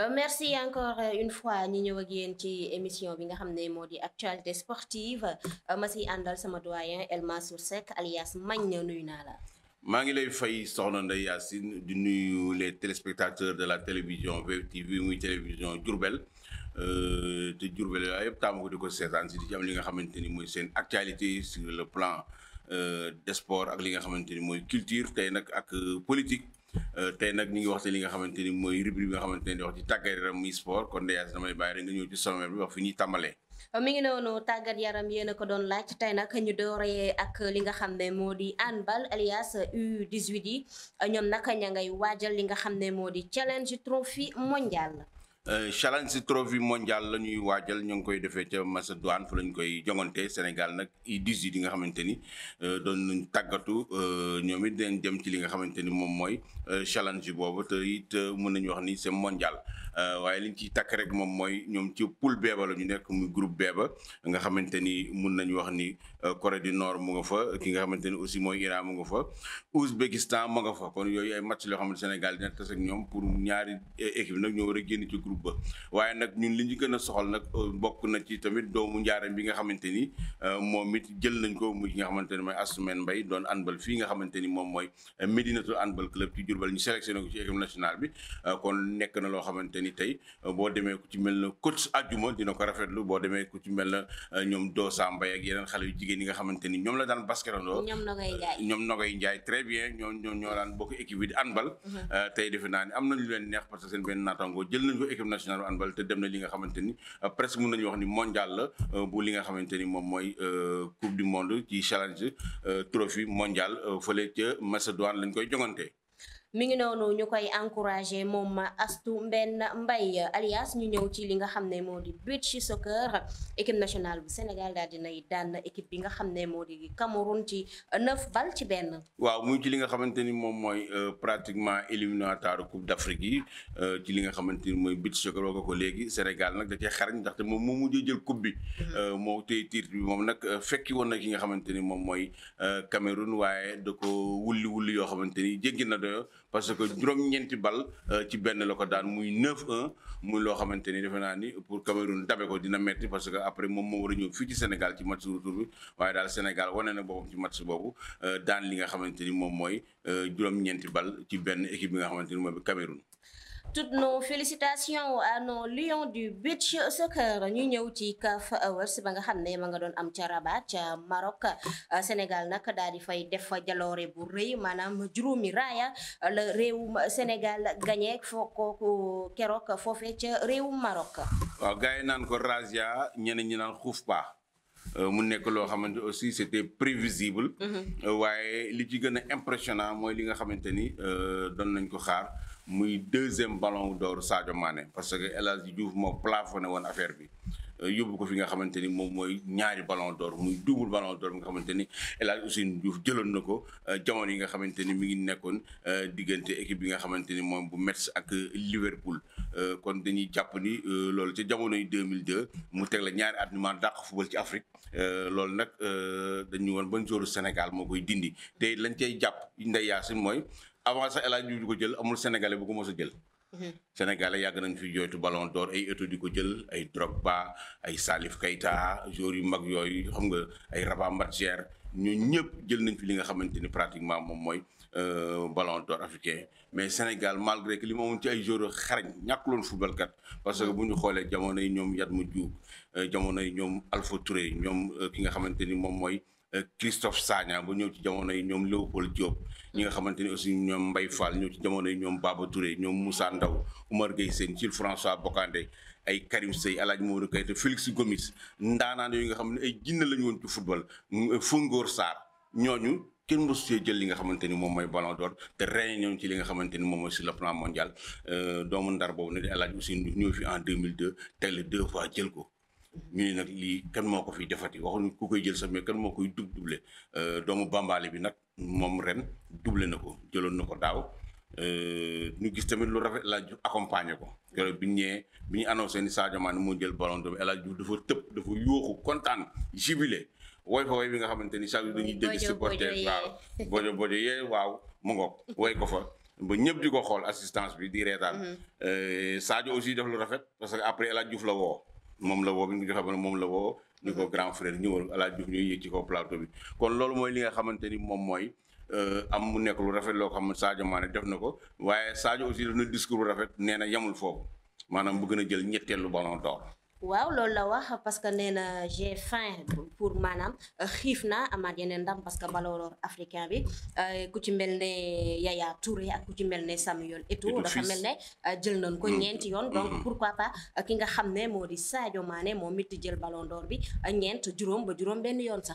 Euh, merci encore euh, une fois ñu ñëw ak yéen ci émission bi nga xamné modi actualité sportive euh, ma siy andal sama doyen El alias Magne nuy naa la. maa ngi lay fay soxna Ndeye Yassine di nuyu les téléspectateurs de la télévision VTV muy télévision Diourbel te Diourbel yooyu yëpp taamu ko di di ci am li nga xamante moy mooy actualité sur le plan des sports, ak li nga xamante moy culture tey nak ak politique. Euh, tey nag ñu ngi wax ci li nga xamante ni mooy rubrique bi nga xamante ne di wax ci tàggat yaram muy sport kon de yaas damay bàyyi rek nga ñëw ci sommaire bi wax fi ñuy tàmbalee. mi ngi ne noonu tàggat yaram yéen ko doon laaj tey nag ñu dooree ak li nga xam ne moo di handball alias U18 yi ñoom naka ña ngay waajal li nga xam ne moo di challenge trophy mondial. Euh, challenge trophy mondial la ñuy waajal ñu ngi koy defee ca Macédoine fu lañu koy jongante Sénégal nag U18 yi nga xamante ni euh, doon nañ tàggatu euh, ñoom it dañ dem ci li nga xamante ni moom mooy challenge boobu te it mën nañu wax ni c'est mondial waaye liñ ciy takk rek moom mooy ñoom ci pul beeba la ñu nekk muy groupe beeba nga xamante ni mun nañu wax ni Corée du Nord mu nga fa ki nga xamante ni aussi mooy Iran mu nga fa Ouzbékistan mu nga fa kon yooyu ay match loo xam ne Sénégal dina tase ak ñoom pour ñaari équipe nag ñoo war a génn groupe waaye nag ñun li ñu gën a soxal nag euh, bokk na ci tamit doomu njaareem bi nga xamante ni euh, moom it jël nañ ko mu nga xamante mooy Assoumane Mbaye doon handball fii nga ni moom mooy euh, Médinatul handball club ci Diourbel ñu sélectionné ko ci bi ni tey boo demee ku ci mel na coach Adjuma dina ko boo demee ku ci mel na ñoom Doosa Mbaye ak yeneen xale yu jigéen yi nga xamante ni ñoom la daan basketandoo ñoom Nogoy Ndiaye très bien ñoo ñoo ñoo daan bokk équipe di handball mm-hmm. tey defe naa ni am nañu leen neex parce que seen benn naataango jël nañ ko l'équipe nationale handball te dem na li nga xamanteni euh, presque mën nañ wax ni mondial la euh, bu li nga xamanteni mom moy euh, coupe du monde ci challenge trophy mondial fele ci macedoine lañ koy jogante mi ngi noonu ñu koy encouragé moom Astou Mbène Mbaye alias ñu ñëw ci li nga xam ne moo di beach soccer équipe nationale bu Sénégal daal dinay daan équipe bi nga xam ne moo di Cameroun ci neuf bal ci benn. waaw muy ci li nga xamante ni moom mooy euh, pratiquement éliminatoire coupe d'Afrique yi euh, ci li nga xamante ni mooy beach soccer woo ko léegi Sénégal nag da cee xarañ ndaxte moom moo mu jël coupe bi. Mm-hmm. Euh, moo téye tiir bi moom nag fekki woon nag ki nga xamante ni moom mooy Cameroun waaye da ko wulli wulli yoo xamante ni jéggi na doyo parce que juróom-ñeenti bal euh, ci ben lako daan muy 9-1 muy lo xamanteni defena ni pour Cameroun dabé ko dina metti parce que après mom mo wara a fi ci Sénégal ci match retour bi waye dal Sénégal woné na boppam ci match boobu euh, daan li nga xamanteni mom moy mooy euh, juróom-ñeenti bal ci ben équipe bi nga xamanteni mom Cameroun. Toutes nos félicitations à nos lions du beach soccer ñu ñëw ci CAF Awards ba nga xam ne ma doon am ca Rabat ca Maroc Sénégal nag daal di fay def jaloore bu rëy maanaam juróomi raaya la Sénégal gagné foo ko keroog foofee ca réewum Maroc. waaw gars naan ko razzia ñeneen ñi naan xuuf baax euh, mu nekk loo xamante aussi c'était prévisible. Mm-hmm. Euh, waaye li ci gën a impressionnant mooy li nga xamante ni euh, doon nañ ko xaar. muy deuxième ballon d'or Sadio maane parce que El Hadji Diouf moo plafonné woon affaire bi euh, yóbbu ko fi nga xamante ni moom mooy ñaari ballon d'or muy double ballon d'or bi nga xamante ni El Hadji Ousseynou Diouf jëloon na ko euh, jamono yi nga xamante ni mi ngi nekkoon euh, diggante équipe bi nga xamante ni moom bu Metz ak Liverpool. kon dañuy jàpp ni loolu ca jamono yi 2002 mu teg ñaari at maa dàq football ci Afrique loolu nag dañu woon ban joru Sénégal moo koy dindi te lañ cay jàpp Ndeye Yacine mooy. avant sax El Hadj Diouf di ko jël amul sénégalais bu ko mos a jël. Mhm. sénégalais yàgg nañ fi jooytu ballon d'or ay Eto'o di ko jël ay Drogba ay Salif Keita joueurs yu mag yooyu xam nga ay Rabat Matière ñoo ñëpp jël nañ fi li nga xamante ni pratiquement moom mooy euh, ballon d'or africain mais Sénégal malgré que li ma ci ay joueurs xarañ ñàkkuloon football kat parce que bu ñu xoolee jamono yi ñoom Yatma Diouf euh, jamono yi ñoom Alpha Touré ñoom euh, ki nga xamante ni moom mooy. Christophe Sagna ba ñëw ci jamono yi ñoom Léopold Diop ñi nga xamante ni aussi ñoom mbay Fall ñëw ci jamono yi ñoom Baba Touré ñoom Moussa Ndaw Oumar Gueye Sène Jules François Bocandé ay Karim Seye El Hadj Modou Keita Félix Gomis ndaanaan yooyu nga xam ne ay jinne lañu woon ci football euh, Fungor Sarr ñooñu kenn mos see jël li nga xamante ni moom mooy ballon d'or te ràññee ñoom ci li nga xamante ni moom mooy si le plan mondial euh, doomu ndar boobu ne di El Hadj aussi ñëw fi en 2002 teg deux fois jël ko. ñu ne nag lii kenn moo ko fi defati waxuñu ku koy jël sax mais kan moo koy dub doublé euh, doomu bambaale bi nag moom ren doublé na ko jëloon na ko daaw nu euh, gis tamit lu rafet El Hadj Diouf ko keroog bi ñu ñëwee bi ñu annoncé ni Sadio Mané moo jël ballon d'or El Hadj Diouf dafa tëb dafa yuuxu kontaan jubilé woy woy bi nga xamante ni chaque jour dañuy dégg supporter waaw bojo bojo yee waaw mu ngoog ko fa ba ñëpp di ko xool assistance bi di reetaan mm-hmm. euh, Sadio aussi def lu rafet parce que après El Hadj la woo moom la woo bi nga xam ne moom la woo ni ko mhm. grand frère ñëwal alaaj Diouf ñuy yëg ci plateau bi kon loolu mooy li nga xamante ni moom mooy euh, am mu nekk lu rafet loo xam saajo Sadio Mané def na ko waaye saajo aussi def na discours bu rafet nee na yemul foofu maanaam bëgg na jël ñetteelu ballon d'or waaw loolu la wax parce que j'ai faim pour maanaam parce que ballon africain bi euh, ku Yaya Samuel tout dafa mel ne euh, jël nañ ko mm. ñeenti yoon mm. donc pourquoi pas ki nga ne Sadio Mané jël ballon d'or bi euh, ba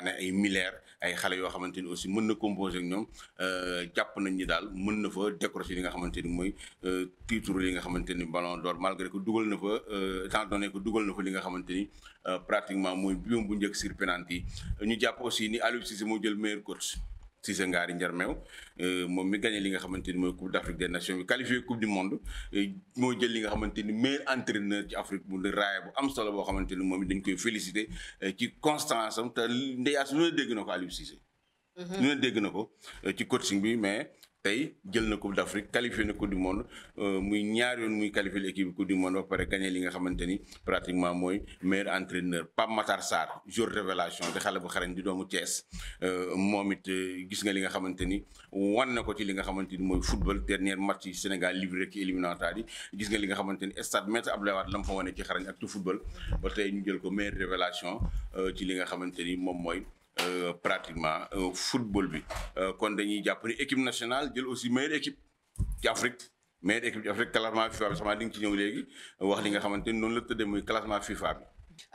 waxtaane ay milliards ay xale yoo xamante ni aussi mën na composé ak ñoom euh, jàpp nañ ni daal mën na fa décrocher li nga xamante ni mooy euh, titre li nga xamante ni ballon d'or malgré que dugal na fa euh, étant donné dugal na fa li nga xamante ni pratiquement mooy biom bu njëkk sur penalty yi ñu jàpp aussi ni Aliou Cissé moo jël meilleur coach Cissé Ngaari Njarmeew euh, moom mi gagné li nga xamante ni mooy coupe d' Afrique des nations bi qualifié coupe du monde euh, moo jël li nga xamante ni meilleur entraîneur ci Afrique mu di raaya bu am solo boo xamante ni moom it dañ koy félicité euh, ci constance am te ndeyaas lu ne dégg na ko Aliou Cissé. Mhm. lu ne dégg na ko ci coaching bi mais. tey jël na coupe d'Afrique qualifié na coupe du monde euh, muy ñaar yoon muy qualifié l'équipe coupe du monde ba pare gagné li nga xamante ni pratiquement mooy meilleur entraîneur Pape Matar Sarr jour révélation di xale bu xarañ di doomu Thiès euh, moom it euh, gis nga li nga xamante ni wan na ko ci li nga xamante ni mooy football dernier match yi Sénégal livré ci éliminatoire yi gis nga li nga xamante ni stade Maître Abdoulaye Wade la mu fa wane ci xarañ ak tout football ba tey ñu jël ko meilleur révélation ci li nga xamante ni moom mooy Euh, pratiquement euh, football bi euh, kon dañuy jàpp ni équipe nationale jël aussi meilleure équipe ci Afrique meilleure équipe ci Afrique classement FIFA bi sama di nga ci ñëw léegi wax li nga xamante ni noonu la tëddee muy classement FIFA bi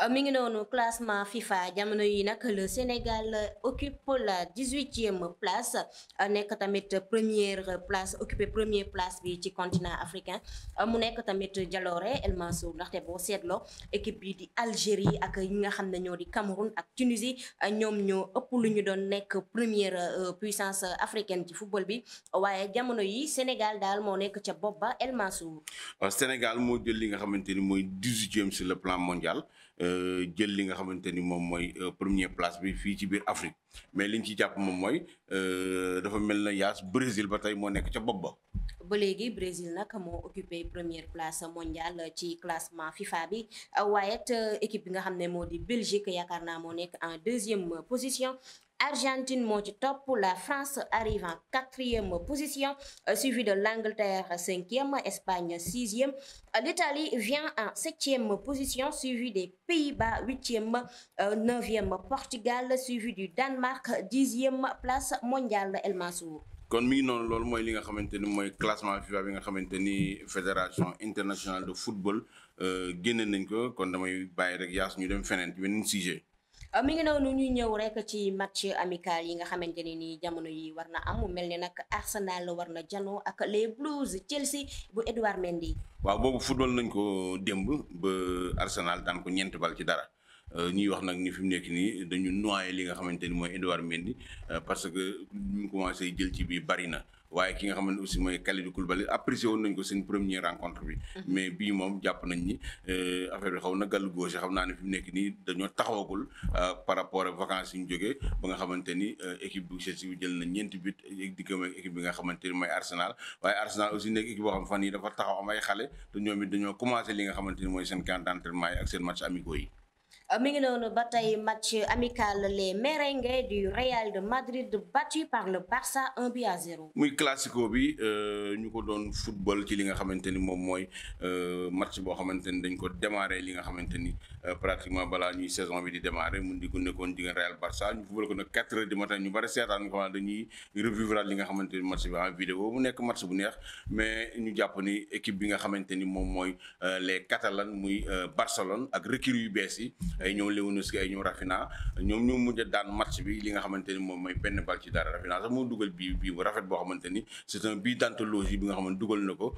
Euh, mi ngi classement FIFA jamono yi nak le Sénégal occupe la dix-huitième place euh, nek tamit première place occupé première place bi ci continent africain euh, mu nek tamit jaloore El Mansour ndaxte bo seetloo équipe bi di Algérie ak yi nga xam ñoo di Cameroun ak Tunisie ñom ñoo ëpp lu ñu doon nek première puissance africaine ci football bi waye jamono yi Sénégal dal mo nek ci bopp El Mansour Sénégal mo jël li nga xamanteni moy 18 dix-huitième sur le plan mondial Euh, jël li nga xamante ni moom mooy euh, premier place bi fii ci biir afrique mais liñ ci jàpp moom mooy euh, dafa mel na yaas brésil ba tey moo nekk ca bopp ba ba léegi brésil nag moo occupé première place mondiale ci classement fifa bi waaye it équipe bi nga xam ne moo di belgique yaakaar naa moo nekk en deuxième position Argentine monte top topp la France arrive en quatrième position euh, suivi de l'Angleterre cinquième Espagne sixième euh, l'Italie vient en septième position suivi des Pays-Bas huitième euh, neuvième Portugal suivi du Danemark dixième place mondiale El Mansour kon mi ngi noonu loolu li nga classement FIFA bi nga la fédération internationale de football génne nañ ko kon damay bàyyi rek yaas ñu dem feneen ci beneen sujet Euh, mi ngi noonu ñuy ñëw rek ci match amical yi nga xamante ne ni jamono yi war na am mu mel ni nag Arsenal war na janoo ak les Blues Chelsea bu Edouard Mendy. waaw boobu football nañ ko démb ba Arsenal daan ko ñeenti bal ci dara. Euh, ñuy wax nag ni fi mu nekk nii dañu noyé li nga xamante ni mooy Edouard Mendy euh, parce que ñu commencé jël ci bi bari na waaye ki nga xam ne aussi mooy Kalidou Koulibaly apprécié woon nañ ko seen première rencontre bi. Mhm. mais bii moom jàpp nañ ni euh, affaire bi xaw na gàllu gauche xam naa ne fi mu nekk nii dañoo taxawagul euh, par rapport ak vacances yi ñu jógee ba nga xamante ni euh, équipe bu Chelsea bi na ñeenti but diggam ak équipe bi nga xamante ni Arsenal waaye Arsenal aussi nekk équipe xam fan yi dafa taxaw am ay xale te ñoom it dañoo commencé li nga xamante ni mooy seen camp d'entraînement yi ak seen match amicaux yi. Euh, mi ngi noonu match amical les merengues du Real de Madrid battu par le Barça 1 but à 0. muy classico bi euh ñuko doon football ci li nga xamanteni mom moy euh match bo xamanteni dañ ko démarrer li nga xamanteni ni. Euh, pratiquement balaa ñuy saison bi di démarrer mun di ko nekkoon di nga Real Barça ñu football ko nag 4 heures du bi mu nekk match bi nga xamante ni moom mooy euh, les Catalans muy euh, Barcelone ak recrues yu bees yi ay ñoom Lewandowski ay ñoom Raphinha ñoom ñoo mujj daan match bi li nga xamante ni moom mooy benn bal ci dara Raphinha sax moo dugal bii bii bu rafet boo xamante ni c'est un but d'anthologie bi nga xamante dugal na ko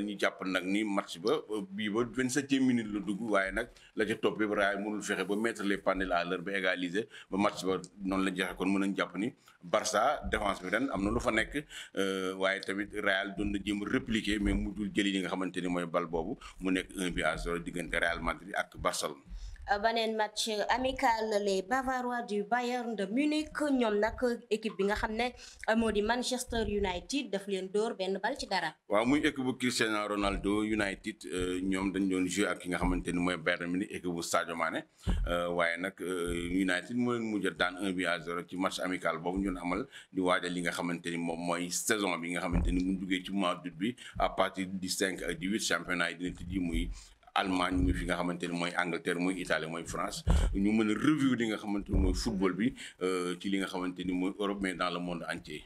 ñu jàpp nag ni match ba bii ba 27e minute la dugg waaye nag ca topp yëpp raay mënul fexe ba mettre les pendules à l'heure ba égaliser ba match ba noonu la jeexee kon mën nañu jàpp ni Barça défense bi ren am na lu fa nekk euh, waaye tamit Real doon na jéem répliquer mais mujjul jëli li nga xamante ni mooy bal boobu mu nekk 1 bi à 0 diggante Real Madrid ak Barcelone. Euh, beneen match amical les Bavarois du Bayern de Munich ñoom nag équipe bi nga xam ne euh, moo di Manchester United daf leen dóor benn bal ci dara. waaw muy équipe bu Cristiano Ronaldo United euh, ñoom dañ doon jouer ak ki nga xamante ni mooy Bayern Munich équipe bu Sadio Mané waaye nag United moo leen mujj daan 1 but à 0 ci match amical boobu ñu amal di waajal li nga xamante ni moom mooy saison bi nga xamante ni mu duggee ci mois d'août bi à partir du 5 ak du championnat yi muy. Allemagne muy fi nga xamanteni moy Angleterre muy Italie muy France ñu mëna review li nga xamanteni moy football bi euh ci li nga xamanteni moy Europe mais dans le monde entier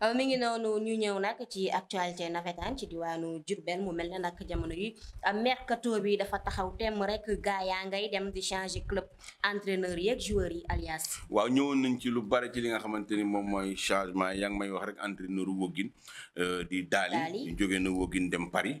aw euh, mi ngi nonu ñu ñew nak ci actualité navetan ci diwanu jurbel mu melni nak jamono yi mercato bi dafa taxaw tem rek gaaya ngay dem di changer club entraîneur yek joueur yi alias waaw ñewon nañ ci lu bari ci li nga xamanteni mom moy changement yang may wax rek entraîneur wogin euh, di dali ñu joge na wogin dem paris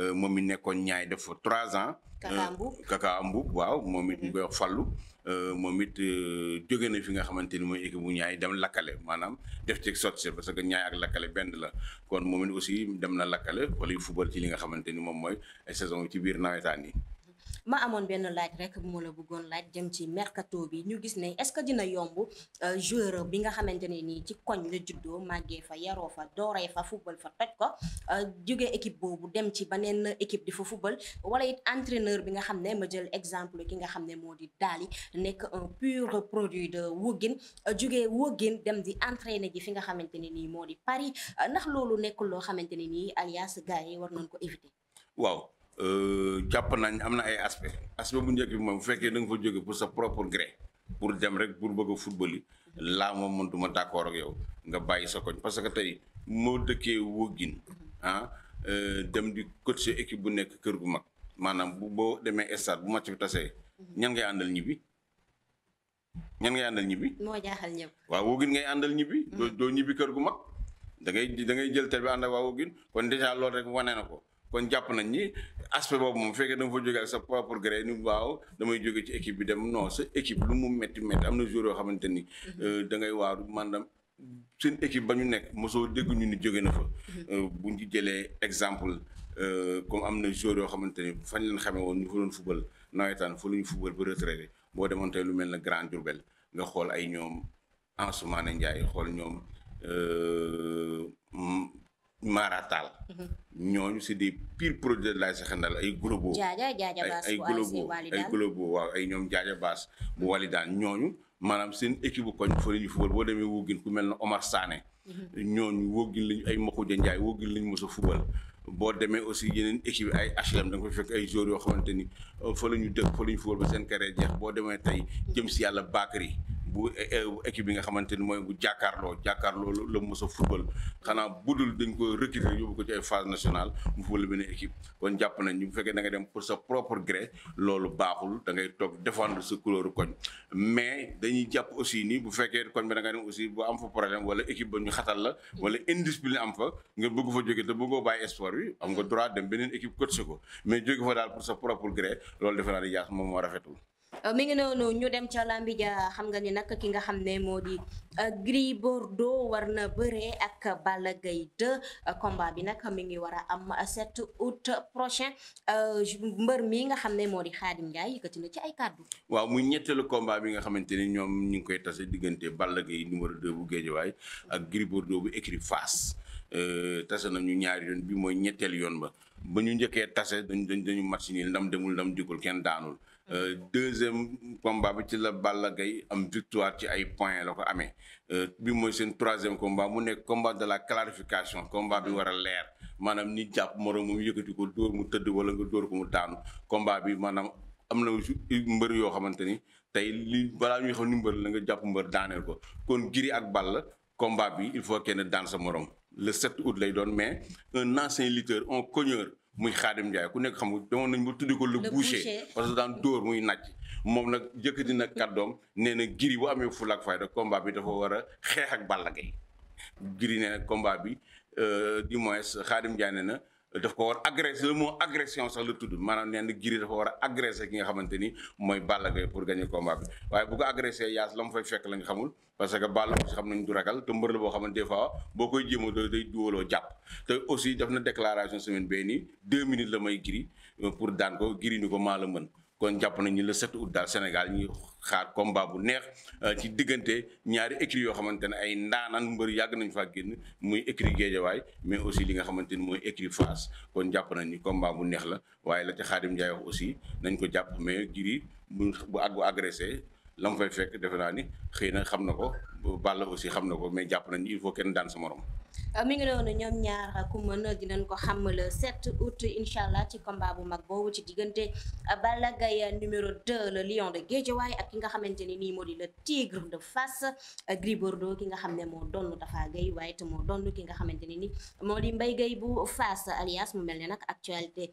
Euh, moom mi nekkoon ñaay def fa trois ans. Kaka euh, Mboub Kaka waaw moom it ñu koy mhm. wax Fallu. Euh, moom it jóge na fi nga xamante ni mooy équipe bu ñaay dem lakkale maanaam def ce sot sotti parce que ñaay ak lakkale benn la kon moom aussi dem na lakkale wala yu football ci li nga xamante ni moom mooy saison ci biir nawetaan yi. ma amoon benn laaj rek moo ma la bëggoon laaj jëm ci mercato bi ñu gis nañ est-ce que dina yomb euh, joueur bi nga xamante ne nii ci koñ la juddoo màggee fa yaroo fa dooree fa football fa toj ko euh, jóge équipe boobu dem ci beneen équipe di fa football wala it entraîneur bi nga xam ne ma jël exemple ki nga xam ne moo di Daly nekk un pur produit de Woggin euh, jógee Woggin dem di entraîner ji fi nga xamante ne nii moo di Paris ndax loolu nekkul loo xamante ne nii alias gars yi war nañ ko éviter. waaw japp nañ amna ay aspect aspect bu ñëk mom féké da nga fa joggé pour sa propre gré pour dem rek pour bëgg football yi la mo mën duma d'accord ak yow nga bayyi sa koñ parce que tay mo dëkke wogin han euh dem di coach équipe bu nekk kër gu mag manam bu bo démé stade bu match bi tassé ñan ngay andal ñibi ñan ngay andal ñibi mo jaaxal ñëpp wa wogin ngay andal ñibi do ñibi kër gu mag da ngay da ngay jël tel bi and ak wa wogin kon déjà lool rek wané nako kon jàpp nañ ni aspect boobu moom fekkee da nga fa jóge ak sa propre gré ni waaw damay jóge ci équipe bi dem non sa équipe lu mu métti métti am na jour yoo xamante ni euh, da ngay waaru maanaam seen équipe ba ñu nekk mosoo dégg ñu ni jóge na fa euh, buñ ci jëlee exemple euh, comme am na joueur yoo xamante ni fañ leen xamee woon ñu fa doon fubal nawetaan fa lu ñu fubal ba retraité boo demoon tey lu mel na Grand Diourbel nga xool ay ñoom Ansoumana Ndiaye xool ñoom Maratal. ñooñu c'est des pires produits de la Saxandal ay globo. jaaja jaaja baas ay globo ay globo waaw ay ñoom jaaja baas bu walidaan ñooñu maanaam seen équipe bu koñ fa la ñuy fubal boo demee Wogin ku mel ne Omar Sané. ñooñu Wogin lañ ay Makhoudia Ndiaye Wogin lañ mos a boo demee aussi yeneen équipe ay HLM da nga fa fekk ay joueurs yoo xamante ni euh, fa la ñu dëkk fa la ñu fubal ba seen carrière jeex boo demee tey jëm si yàlla Bakary. Eh, eh, bu équipe bi nga xamante ni mooy bu jàkkaarloo jàkkaarloo la mos a football xanaa budul dañ ko recruter yóbbu ko ci ay phase nationale mu football kon jàpp nañ bu fekkee da dem pour sa propre gré loolu baaxul da ngay toog défendre sa couleur koñ mais dañuy jàpp aussi ni bu fekkee koñ bi da nga dem aussi bu fa problème wala équipe ba wala indiscipline am nga bëgg fa jóge te bëggoo bàyyi espoir bi am nga droit dem beneen équipe coach ko mais jóge fa daal pour sa propre gré loolu defe naa di yaas moom moo rafetul Euh, mi ngi noonu ñu dem ca làmbi ja xam nga ni nag ki nga xam ne moo di euh, Gris Bordeaux war na bëree ak Balla Gaye 2 euh, combat bi nag mi ngi war a am 7 août prochain mbër mi nga xam ne moo di Khadim Ndiaye yëkkati na ci ay kàddu. waaw muy ñetteelu combat bi nga xamante ni ñoom ñu ngi koy tase diggante Balla Gaye numéro 2 bu Guédiawaye ak Gris Bordeaux bu écurie Fass tase ñu ñaari yoon bi mooy ñetteel yoon ba ba ñu njëkkee tase dañ dañ dañu match nii ndam demul ndam dikkul kenn daanul. Euh, deuxième combat bi ci la Balla gay am victoire ci ay points lako amé euh bi mooy sen troisième combat mu nek combat de la clarification combat bi wara a manam ni japp morom moom yëkkati ko dóor mu teud wala nga door ko mu daanu combat bi manam am na mbër yoo xamante ni li balaa ñuy xam ni mbeur la nga japp mbeur daaneel ko kon giri ak Balla combat bi il faut kenn daan sa morom le 7 août lay doon mais un ancien lutteur un cogneur muy Xaadim Njaay ku nekk xam nga demoon nañ mu tudd ko le boucher parce que daan dóor muy nàcc moom nag yëkkati nag kàddoom nee na giri bu amee fulla ak fayda combat bi dafa war a xeex ak Balla Gaye giri nee na bi euh, du moins Xaadim Njaay nee na daf ko war agressé le mot agression sax la tudd maanaam nee na Gris dafa war a agressé ki nga xamante ni mooy Balla Gaye pour gagner combat bi waaye bu ko agressé yaas la mu fay fekk la nga xamul parce que Balla aussi xam nañ du ragal te mbër la boo xamante des fois boo koy jéema doo day duwaloo jàpp te aussi def na déclaration semaine bee nii deux minutes la may Gris pour daan ko Gris ni ko maa la mën kon jàpp nañu le 7 août daal Sénégal ñuy xaar combat bu neex euh, ci diggante ñaari écuries yoo xamante ne ay ndaanaan mbër yàgg nañ faa génn muy écurie waay mais aussi li nga xamante ni mooy écurie Fass kon jàpp nañu combat bu neex la waaye la ca aussi nañ ko jàpp mais giri bu bu at bu agressé la mu fekk defe naa ni xëy na xam na ko Balla aussi xam na ko mais jàpp nañu il faut kenn daan sa morom. Euh, mi ngi noonu ñoom ñaar a ku mën dinañ ko xam le 7 août incha allah ci combat bu mag boobu ci diggante euh, Balla Gaye numéro 2 le lion de waaye ak ki nga xamante ni nii moo di la tigre de Fass euh, Gris ki nga xam ne moo doon Tafa Gueye waaye te moo doon ki nga xamante ni nii moo di mbay gay bu Fass alias mu mel ne nag actualité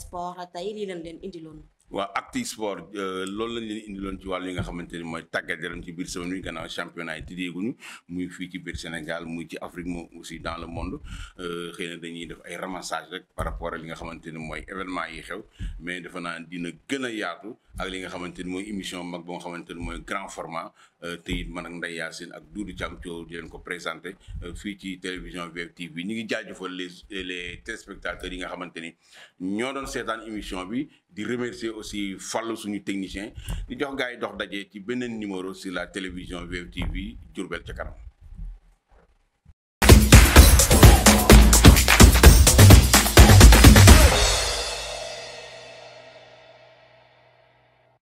sport tey lii lañ leen indiloon. waaw Actu Sport euh, loolu ñu leen indiloon ci wàllu yi nga xamante ni mooy tàggat yaram ci biir semaine bi gannaaw championnat yi tiddeeguñu muy fii ci biir Sénégal muy ci Afrique moom aussi dans le monde euh, xëy dañuy def ay ramassage rek par rapport ak li nga xamante ni mooy événement yi xew mais dafa naa dina gën a yaatu ak li nga xamanteni moy mooy émission mag bo xamanteni moy grand format euh, te it man ak nday yassine ak Doudou Thiam di len ko présenter euh, fi ci télévision VFtv ñu ngi jaajëfal les les téléspectateurs yi nga xamanteni ni ñoo doon seetaan émission bi di remercier aussi fallu suñu technicien di jox gars dox dajé ci benen numéro sur la télévision tv Diourbel ca kanam